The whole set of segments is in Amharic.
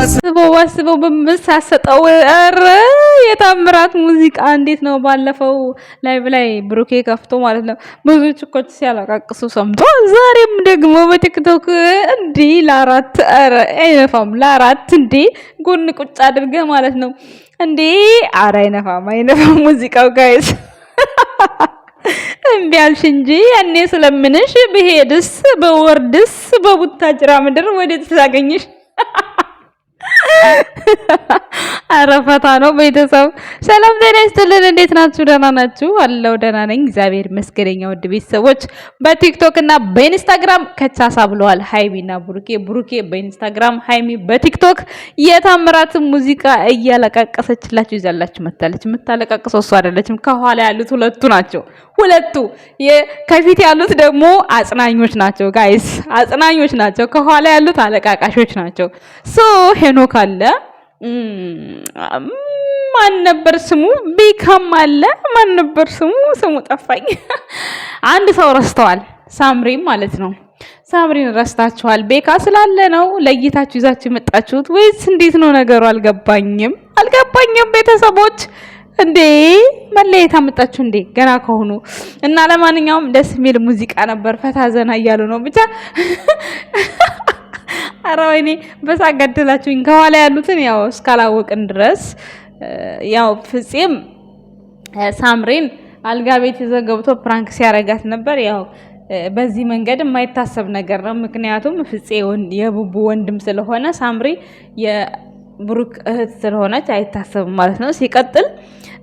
አስበው አስበው በምሳሰጠው ኧረ የታምራት ሙዚቃ እንዴት ነው? ባለፈው ላይቭ ላይ ብሩኬ ከፍቶ ማለት ነው ብዙ ችኮች ሲያለቃቅሱ ሰምቶ ዛሬም ደግሞ በቲክቶክ እንዲ ለአራት ኧረ አይነፋም ለአራት እንዲ ጎን ቁጭ አድርገህ ማለት ነው እንዲ ኧረ አይነፋም አይነፋም ሙዚቃው ጋይስ እምቢ አልሽ እንጂ ያኔ ስለምንሽ ብሄድስ በወርድስ በቡታጅራ ምድር ወዴት ሳገኝሽ? አረ ነው። ቤተሰብ ሰላም ጤና ይስጥልን። እንዴት ናችሁ? ደህና ናችሁ? አለው ደህና ነኝ እግዚአብሔር ይመስገን። ውድ ቤተሰቦች በቲክቶክ እና በኢንስታግራም ከቻሳ ብለዋል ሀይሚና ብሩኬ፣ ብሩኬ በኢንስታግራም ሀይሚ በቲክቶክ የታምራትን ሙዚቃ እያለቃቀሰችላችሁ ይዛላችሁ መታለች። የምታለቃቅሰው እሱ አይደለችም፣ ከኋላ ያሉት ሁለቱ ናቸው። ሁለቱ ከፊት ያሉት ደግሞ አጽናኞች ናቸው። ጋይስ አጽናኞች ናቸው። ከኋላ ያሉት አለቃቃሾች ናቸው። ሶ ሄኖክ አለ፣ ማን ነበር ስሙ? ቢካም አለ፣ ማን ነበር ስሙ? ስሙ ጠፋኝ። አንድ ሰው ረስተዋል፣ ሳምሪም ማለት ነው። ሳምሪን ረስታችኋል። ቤካ ስላለ ነው ለይታችሁ ይዛችሁ የመጣችሁት ወይስ እንዴት ነው ነገሩ? አልገባኝም፣ አልገባኝም ቤተሰቦች እንዴ መለየት አመጣችሁ እንዴ ገና ከሆኑ እና ለማንኛውም ደስ የሚል ሙዚቃ ነበር። ፈታ ዘና እያሉ ነው ብቻ። ኧረ ወይኔ ገደላችሁኝ። ከኋላ ያሉትን ያው እስካላወቅን ድረስ ያው ፍፄም ሳምሬን አልጋ ቤት ይዘው ገብቶ ፕራንክ ሲያረጋት ነበር ያው በዚህ መንገድ የማይታሰብ ነገር ነው። ምክንያቱም ፍፄ የቡቡ ወንድም ስለሆነ ሳምሪ የብሩክ እህት ስለሆነች አይታሰብም ማለት ነው። ሲቀጥል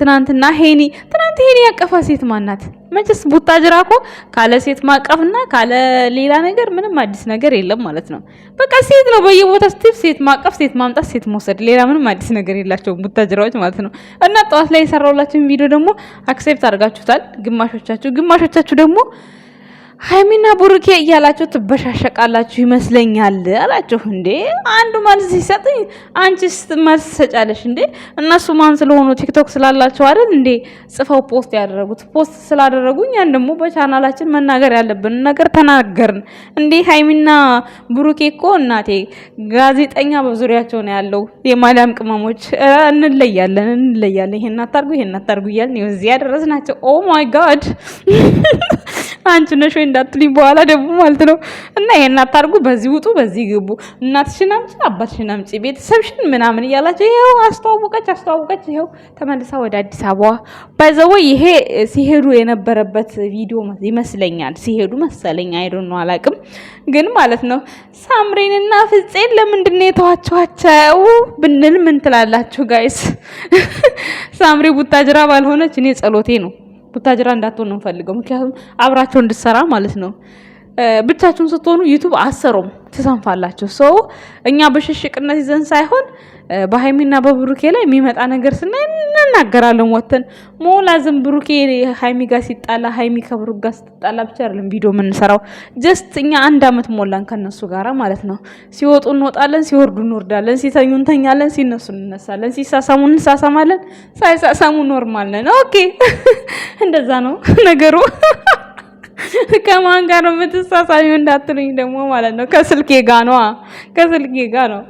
ትናንትና ሄኒ ትናንት ሄኒ ያቀፋ ሴት ማናት? መቼስ ቡታጅራ እኮ ካለ ሴት ማቀፍና ካለ ሌላ ነገር ምንም አዲስ ነገር የለም ማለት ነው። በቃ ሴት ነው በየቦታ ስቲቭ ሴት ማቀፍ፣ ሴት ማምጣት፣ ሴት መውሰድ፣ ሌላ ምንም አዲስ ነገር የላቸውም ቡታጅራዎች ማለት ነው። እና ጠዋት ላይ የሰራውላችሁን ቪዲዮ ደግሞ አክሴፕት አድርጋችሁታል ግማሾቻችሁ፣ ግማሾቻችሁ ደግሞ ሀይሚና ቡሩኬ እያላችሁ ትበሻሸቃላችሁ ይመስለኛል አላችሁ እንዴ? አንዱ መልስ ሲሰጥኝ አንቺስ መልስ ሰጫለሽ እንዴ? እነሱ ማን ስለሆኑ ቲክቶክ ስላላቸው አይደል እንዴ ጽፈው ፖስት ያደረጉት? ፖስት ስላደረጉ እኛን ደግሞ በቻናላችን መናገር ያለብን ነገር ተናገርን እንዴ? ሀይሚና ቡሩኬ እኮ እናቴ ጋዜጠኛ በዙሪያቸው ነው ያለው። የማዳም ቅመሞች እንለያለን፣ እንለያለን፣ ይሄን አታርጉ፣ ይሄን አታርጉ እያልን እዚህ ያደረስናቸው። ኦ ማይ ጋድ አንቺ ነሽ ወይ እንዳትልኝ በኋላ ደግሞ ማለት ነው። እና ይሄን አታርጉ፣ በዚህ ውጡ፣ በዚህ ግቡ፣ እናትሽን አምጪ፣ አባትሽን አምጪ፣ ቤተሰብሽን ምናምን እያላቸው ይኸው አስተዋወቀች አስተዋወቀች፣ ይኸው ተመልሳ ወደ አዲስ አበባ ባይዘወ ይሄ ሲሄዱ የነበረበት ቪዲዮ ይመስለኛል። ሲሄዱ መሰለኝ አይዶን ነው አላቅም፣ ግን ማለት ነው ሳምሬንና ፍፄን ለምንድን የተዋቸዋቸው ብንል ምን ትላላችሁ ጋይስ? ሳምሬ ቡታጅራ ባልሆነች እኔ ጸሎቴ ነው። ቡታጅራ እንዳትሆን ነው የምፈልገው። ምክንያቱም አብራቸው እንድሰራ ማለት ነው። ብቻችሁን ስትሆኑ ዩቱብ አሰሩም ትሰንፋላችሁ። ሰው እኛ በሽሽቅነት ይዘን ሳይሆን በሀይሚና በብሩኬ ላይ የሚመጣ ነገር ስናይ እናናገራለን። ወተን ሞላ ዝም ብሩኬ ሀይሚ ጋር ሲጣላ ሀይሚ ከብሩክ ጋር ስትጣላ ብቻ አይደለም ቪዲዮ የምንሰራው። ጀስት እኛ አንድ አመት ሞላን ከነሱ ጋራ ማለት ነው። ሲወጡ እንወጣለን፣ ሲወርዱ እንወርዳለን፣ ሲተኙ እንተኛለን፣ ሲነሱ እንነሳለን፣ ሲሳሳሙ እንሳሳማለን፣ ሳይሳሳሙ ኖርማል ነን። ኦኬ እንደዛ ነው ነገሩ። ከማን ጋር ነው የምትሳሳሚው እንዳትሉኝ ደግሞ ማለት ነው። ከስልኬ ጋ ነዋ፣ ከስልኬ ጋ ነው።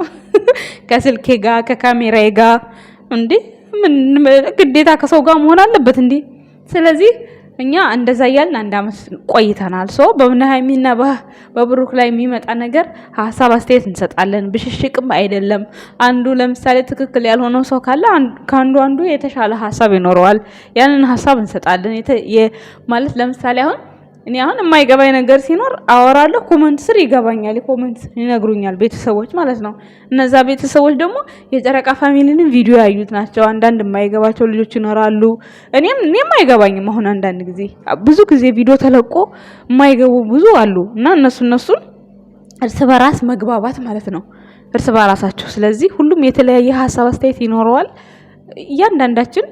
ከስልኬ ጋር ከካሜራዬ ጋር እንዴ ግዴታ ከሰው ጋር መሆን አለበት እንዴ? ስለዚህ እኛ እንደዛ እያልን አንድ አመት ቆይተናል። ሶ በሀይሚና በብሩክ ላይ የሚመጣ ነገር ሀሳብ አስተያየት እንሰጣለን። ብሽሽቅም አይደለም። አንዱ ለምሳሌ ትክክል ያልሆነው ሰው ካለ ከአንዱ አንዱ የተሻለ ሀሳብ ይኖረዋል። ያንን ሀሳብ እንሰጣለን ማለት ለምሳሌ አሁን እኔ አሁን የማይገባኝ ነገር ሲኖር አወራለሁ። ኮመንት ስር ይገባኛል፣ ኮመንት ስር ይነግሩኛል ቤተሰቦች ማለት ነው። እነዛ ቤተሰቦች ደግሞ የጨረቃ ፋሚሊንም ቪዲዮ ያዩት ናቸው። አንዳንድ የማይገባቸው ልጆች ይኖራሉ። እኔም እኔም አይገባኝም። አሁን አንዳንድ ጊዜ ብዙ ጊዜ ቪዲዮ ተለቆ የማይገቡ ብዙ አሉ እና እነሱ እነሱን እርስ በራስ መግባባት ማለት ነው፣ እርስ በራሳቸው። ስለዚህ ሁሉም የተለያየ ሀሳብ አስተያየት ይኖረዋል እያንዳንዳችን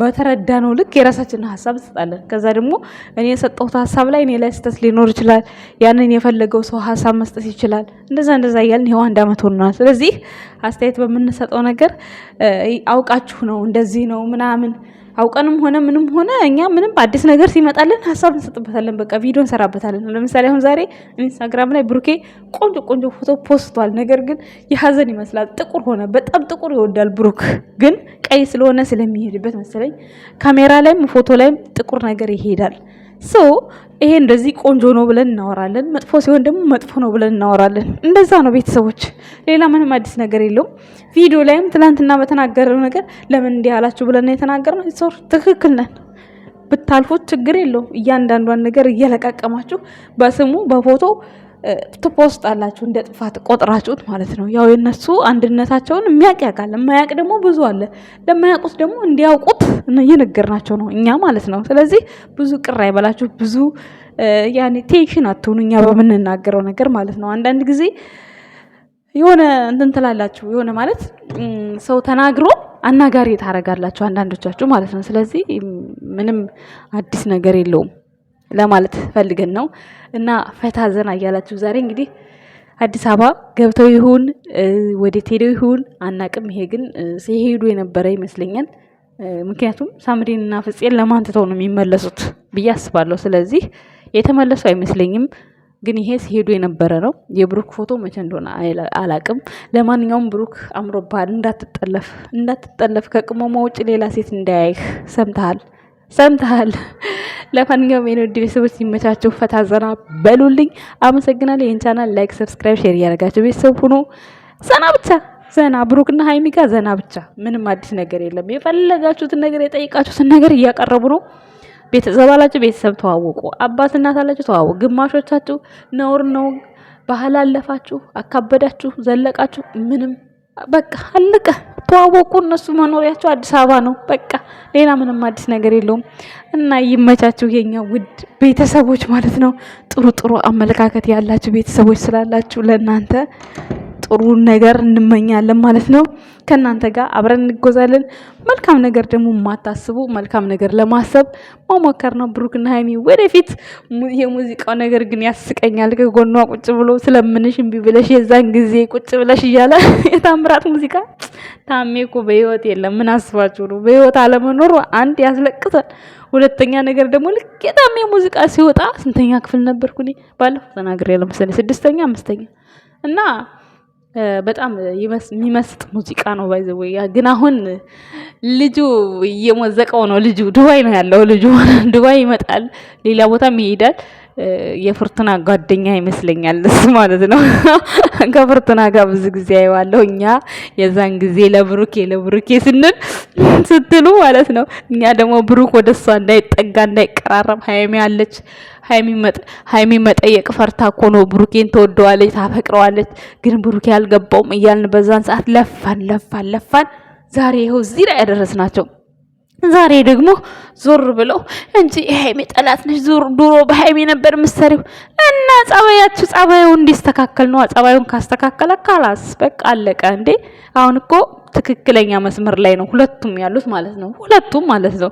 በተረዳነው ልክ የራሳችንን ሀሳብ እንሰጣለን። ከዛ ደግሞ እኔ የሰጠሁት ሀሳብ ላይ እኔ ላይ ስህተት ሊኖር ይችላል። ያንን የፈለገው ሰው ሀሳብ መስጠት ይችላል። እንደዛ እንደዛ እያልን ይኸው አንድ ዓመት ሆኖናል። ስለዚህ አስተያየት በምንሰጠው ነገር አውቃችሁ ነው እንደዚህ ነው ምናምን አውቀንም ሆነ ምንም ሆነ እኛ ምንም አዲስ ነገር ሲመጣልን ሀሳብ እንሰጥበታለን። በቃ ቪዲዮ እንሰራበታለን። ለምሳሌ አሁን ዛሬ ኢንስታግራም ላይ ብሩኬ ቆንጆ ቆንጆ ፎቶ ፖስቷል። ነገር ግን የሀዘን ይመስላል። ጥቁር ሆነ። በጣም ጥቁር ይወዳል ብሩክ ግን ቀይ ስለሆነ ስለሚሄድበት ስላለበት መሰለኝ ካሜራ ላይም ፎቶ ላይም ጥቁር ነገር ይሄዳል። ሶ ይሄ እንደዚህ ቆንጆ ነው ብለን እናወራለን፣ መጥፎ ሲሆን ደግሞ መጥፎ ነው ብለን እናወራለን። እንደዛ ነው ቤተሰቦች፣ ሌላ ምንም አዲስ ነገር የለውም። ቪዲዮ ላይም ትላንትና በተናገረው ነገር ለምን እንዲህ አላችሁ ብለን ነው የተናገርነው። ሶር ትክክል ነን። ብታልፎት ችግር የለውም። እያንዳንዷን ነገር እየለቃቀማችሁ በስሙ በፎቶ አላችሁ እንደ ጥፋት ቆጥራችሁት ማለት ነው። ያው የነሱ አንድነታቸውን የሚያውቅ ያውቃል፣ የማያውቅ ደግሞ ብዙ አለ። ለማያውቁት ደግሞ እንዲያውቁት እየነገርናቸው ነው እኛ ማለት ነው። ስለዚህ ብዙ ቅር አይበላችሁ፣ ብዙ ያኔ ቴንሽን አትሆኑ እኛ በምንናገረው ነገር ማለት ነው። አንዳንድ ጊዜ የሆነ እንትን ትላላችሁ የሆነ ማለት ሰው ተናግሮ አናጋሪ ታረጋላችሁ አንዳንዶቻችሁ ማለት ነው። ስለዚህ ምንም አዲስ ነገር የለውም። ለማለት ፈልገን ነው እና ፈታ ዘና እያላችሁ ዛሬ እንግዲህ አዲስ አበባ ገብተው ይሁን ወዴት ሄደው ይሁን አናቅም። ይሄ ግን ሲሄዱ የነበረ ይመስለኛል። ምክንያቱም ሳምሪንና ፍፄን ለማን ትተው ነው የሚመለሱት ብዬ አስባለሁ። ስለዚህ የተመለሱ አይመስለኝም። ግን ይሄ ሲሄዱ የነበረ ነው። የብሩክ ፎቶ መቼ እንደሆነ አላቅም። ለማንኛውም ብሩክ አምሮብሃል፣ እንዳትጠለፍ እንዳትጠለፍ፣ ከቅመሟ ውጭ ሌላ ሴት እንዳያይህ ሰምተሃል። ሰምተሃል። ለማንኛውም የኔ ውድ ቤተሰቦች ሲመቻችሁ ፈታ ዘና በሉልኝ። አመሰግናለሁ። ይህን ቻናል ላይክ፣ ሰብስክራይብ፣ ሼር እያደረጋቸው ቤተሰብ ሁኑ። ዘና ብቻ ዘና ብሩክና ሀይሚ ጋር ዘና ብቻ። ምንም አዲስ ነገር የለም። የፈለጋችሁትን ነገር የጠይቃችሁትን ነገር እያቀረቡ ነው። ቤተሰብ አላችሁ፣ ቤተሰብ ተዋወቁ። አባት እናት አላችሁ፣ ተዋወቁ። ግማሾቻችሁ ነውር ነው ባህል አለፋችሁ፣ አካበዳችሁ፣ ዘለቃችሁ ምንም በቃ አለቀ። ተዋወቁ። እነሱ መኖሪያቸው አዲስ አበባ ነው። በቃ ሌላ ምንም አዲስ ነገር የለውም። እና ይመቻችሁ የኛ ውድ ቤተሰቦች ማለት ነው። ጥሩ ጥሩ አመለካከት ያላችሁ ቤተሰቦች ስላላችሁ ለእናንተ ጥሩ ነገር እንመኛለን ማለት ነው። ከእናንተ ጋር አብረን እንጎዛለን። መልካም ነገር ደግሞ የማታስቡ መልካም ነገር ለማሰብ መሞከር ነው። ብሩክና ሀይሚ ወደፊት የሙዚቃው ነገር ግን ያስቀኛል። ከጎኗ ቁጭ ብሎ ስለምንሽ እምቢ ብለሽ የዛን ጊዜ ቁጭ ብለሽ እያለ የታምራት ሙዚቃ ታሜ እኮ በህይወት የለም። ምን አስባችሁ ነው? በህይወት አለመኖሩ አንድ ያስለቅሳል። ሁለተኛ ነገር ደግሞ ልክ የታሜ ሙዚቃ ሲወጣ ስንተኛ ክፍል ነበርኩ እኔ ባለፈው ተናግሬ ስድስተኛ አምስተኛ እና በጣም የሚመስጥ ሙዚቃ ነው። ባይዘወይ ግን አሁን ልጁ እየሞዘቀው ነው። ልጁ ዱባይ ነው ያለው። ልጁ ዱባይ ይመጣል፣ ሌላ ቦታም ይሄዳል። የፍርቱና ጓደኛ ይመስለኛል እሱ ማለት ነው። ከፍርቱና ጋር ብዙ ጊዜ አይዋለሁ። እኛ የዛን ጊዜ ለብሩኬ ለብሩኬ ስንል ስትሉ ማለት ነው። እኛ ደግሞ ብሩክ ወደ እሷ እንዳይጠጋ እንዳይቀራረብ ሀይሚ አለች። ሀይሚ መጠየቅ ፈርታ እኮ ነው። ብሩኬን ተወደዋለች፣ ታፈቅረዋለች፣ ግን ብሩኬ አልገባውም እያልን በዛን ሰዓት ለፋን ለፋን ለፋን ዛሬ ይኸው እዚህ ላይ ያደረስናቸው። ዛሬ ደግሞ ዞር ብለው እንጂ የሀይሜ ጠላት ነሽ፣ ዞር ድሮ በሀይሜ ነበር ምሰሪው እና ጸባያችሁ ጸባዩን እንዲስተካከል ነው። ጸባዩን ካስተካከለ ካላስ በቃ አለቀ እንዴ። አሁን እኮ ትክክለኛ መስመር ላይ ነው ሁለቱም ያሉት ማለት ነው። ሁለቱም ማለት ነው።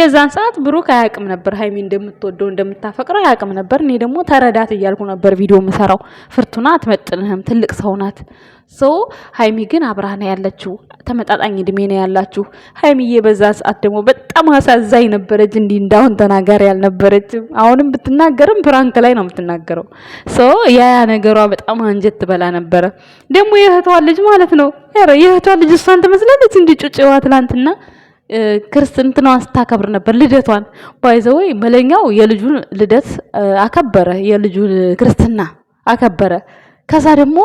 የዛን ሰዓት ብሩክ አያውቅም ነበር ሀይሚ እንደምትወደው እንደምታፈቅረው አያውቅም ነበር። እኔ ደግሞ ተረዳት እያልኩ ነበር ቪዲዮ የምሰራው። ፍርቱና አትመጥንህም፣ ትልቅ ሰው ናት። ሰው ሀይሚ ግን አብራህ ነው ያለችው፣ ተመጣጣኝ እድሜ ነው ያላችሁ። ሀይሚዬ በዛ ሰዓት ደግሞ በጣም አሳዛኝ ነበረች፣ እንዲህ እንዳሁን ተናጋሪ ያልነበረችም። አሁንም ብትናገርም ፕራንክ ላይ ነው የምትናገረው። ሰው ያያ ነገሯ በጣም አንጀት ትበላ ነበረ። ደግሞ የእህቷ ልጅ ማለት ነው የእህቷ ልጅ እሷን ትመስላለች እንዲህ ጩጭዋ ትላንትና ክርስትናዋን ስታከብር ነበር ልደቷን። ባይዘወይ መለኛው የልጁን ልደት አከበረ፣ የልጁን ክርስትና አከበረ። ከዛ ደግሞ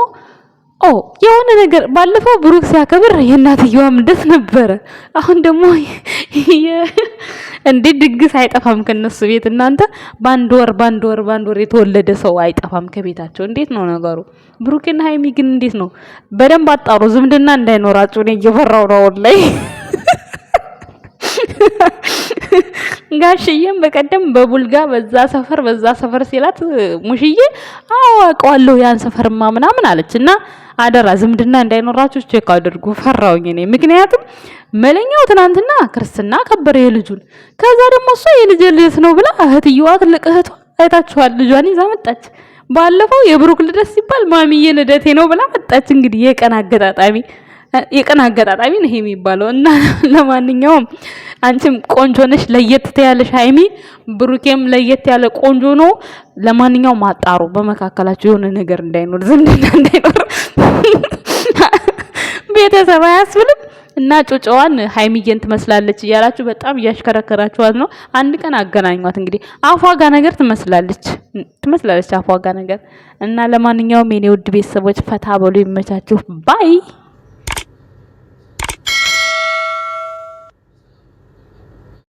ኦ የሆነ ነገር ባለፈው ብሩክ ሲያከብር የእናትየዋም ልደት ነበረ። አሁን ደግሞ እንዴት ድግስ አይጠፋም ከነሱ ቤት። እናንተ ባንድ ወር ባንድ ወር ባንድ ወር የተወለደ ሰው አይጠፋም ከቤታቸው። እንዴት ነው ነገሩ? ብሩክና ሀይሚ ግን እንዴት ነው? በደንብ አጣሩ። ዝምድና እንዳይኖራችሁ እኔ እየፈራው ነው አሁን ላይ ጋሽዬም በቀደም በቡልጋ በዛ ሰፈር በዛ ሰፈር ሲላት ሙሽዬ አዋቀዋለሁ ያን ሰፈርማ ምናምን አለች እና አደራ ዝምድና እንዳይኖራችሁ ቼክ አድርጉ። ፈራውኝ እኔ ምክንያቱም መለኛው ትናንትና ክርስትና ከበረ የልጁን። ከዛ ደግሞ እሷ የልጅ ልጅ ነው ብላ እህትየዋ ትልቅ እህቷ አይታችኋል፣ ልጇን ይዛ መጣች። ባለፈው የብሩክ ልደት ሲባል ማሚዬ ልደቴ ነው ብላ መጣች። እንግዲህ የቀን አገጣጣሚ የቀን አገጣጣሚ ነው ይሄ የሚባለው። እና ለማንኛውም አንቺም ቆንጆ ነሽ፣ ለየት ያለሽ ሀይሚ፣ ብሩኬም ለየት ያለ ቆንጆ ነው። ለማንኛውም አጣሩ፣ በመካከላችሁ የሆነ ነገር እንዳይኖር፣ ዝምድና እንዳይኖር ቤተሰብ አያስብልም። እና ጮጮዋን ሀይሚዬን ትመስላለች እያላችሁ በጣም እያሽከረከራችኋት ነው። አንድ ቀን አገናኟት። እንግዲህ አፏጋ ነገር ትመስላለች ትመስላለች አፏጋ ነገር እና ለማንኛውም የኔ ውድ ቤተሰቦች ፈታ በሉ፣ ይመቻችሁ ባይ